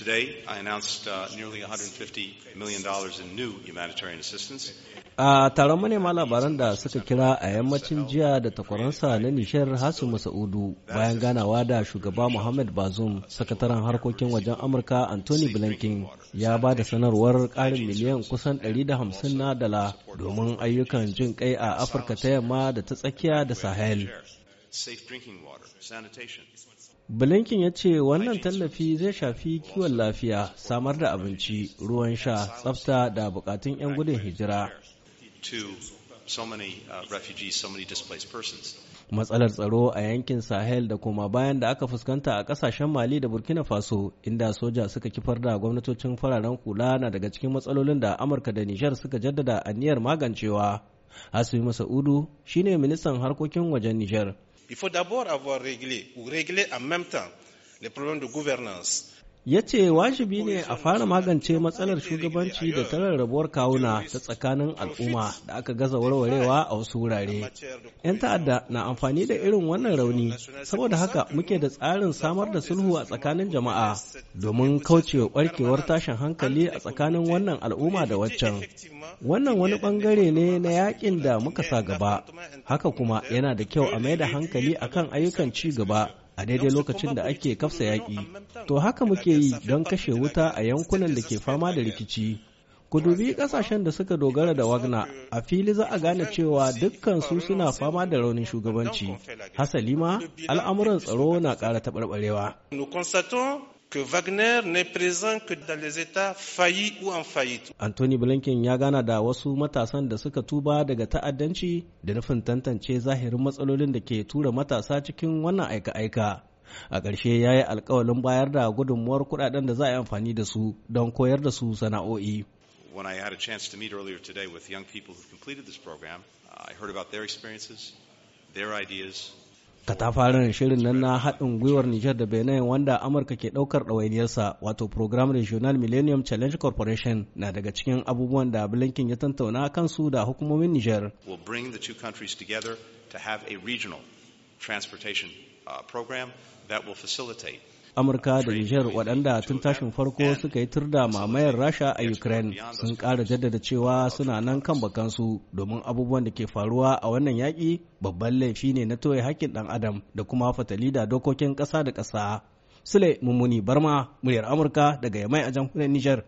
today, I announced uh, nearly $150 million in new humanitarian assistance. A taron manema labaran da suka kira a yammacin jiya da takwaransa na nishiyar Hassan Masa'udu, bayan ganawa da shugaba Muhammad Bazoum, sakataren harkokin wajen Amurka Anthony Blinken ya ba da sanarwar ƙarin miliyan kusan 150 na dala domin ayyukan jin kai a Afirka ta yamma da ta tsakiya da Sahel. Blinken ya ce wannan tallafi zai shafi kiwon lafiya, samar da abinci, ruwan sha, tsafta da bukatun 'yan gudun hijira. Uh, Matsalar tsaro a yankin Sahel da kuma bayan da aka fuskanta a kasashen Mali da Burkina Faso inda soja suka kifar da gwamnatocin fararen kula na daga cikin matsalolin da Amurka da Nijar suka jaddada aniyar magancewa. Asimi Masa'udu shine ministan harkokin wajen Nijar. Il faut d'abord avoir réglé ou régler en même temps les problèmes de gouvernance, ya ce wajibi ne a fara magance matsalar shugabanci da ta rarrabuwar kawuna ta tsakanin al'umma da aka gaza warwarewa a wasu wurare. 'Yan ta'adda na amfani da irin wannan rauni, saboda haka muke da tsarin samar da sulhu a tsakanin jama'a domin kaucewa barkewar tashin hankali a tsakanin wannan al'umma da waccan. Wannan wani bangare ne na yakin da muka sa gaba, haka kuma yana da kyau a mai da hankali akan ayyukan ci gaba. a daidai lokacin da ake kafsa yaƙi. To haka muke yi don kashe wuta a yankunan da ke fama da rikici. Ku dubi ƙasashen da suka dogara da Wagner, a fili za a gane cewa dukkan su suna fama da raunin shugabanci. Hasali ma, al'amuran tsaro na ƙara taɓarɓarewa. que Wagner n'est présent que dans les États faillis ou en faillite. Anthony Blinken ya gana da wasu matasan da suka tuba daga ta'addanci da nufin tantance zahirin matsalolin da ke tura matasa cikin wannan aika-aika. A ƙarshe ya yi alkawalin bayar da gudunmuwar kuɗaɗen da za a yi amfani da su don koyar da su sana'o'i. When I had a chance to meet earlier today with young people who completed this program, uh, I heard about their experiences, their ideas, katafaren shirin nan na haɗin gwiwar Nijar da Benin wanda Amurka ke ɗaukar ɗawainiyarsa wato Program Regional Millennium Challenge Corporation na daga cikin abubuwan da Blinken ya tantauna kansu da hukumomin Nijar. Will bring the two countries together to have a regional transportation uh, program that will facilitate amurka da niger waɗanda tun tashin farko suka yi turda mamayar rasha a ukraine sun ƙara jaddada cewa suna nan kan bakansu domin abubuwan da ke faruwa a wannan yaƙi babban laifi ne na toye haƙƙin ɗan adam da kuma fatali da dokokin ƙasa da ƙasa sule mummuni barma muryar amurka daga yamai a jamhuriyar niger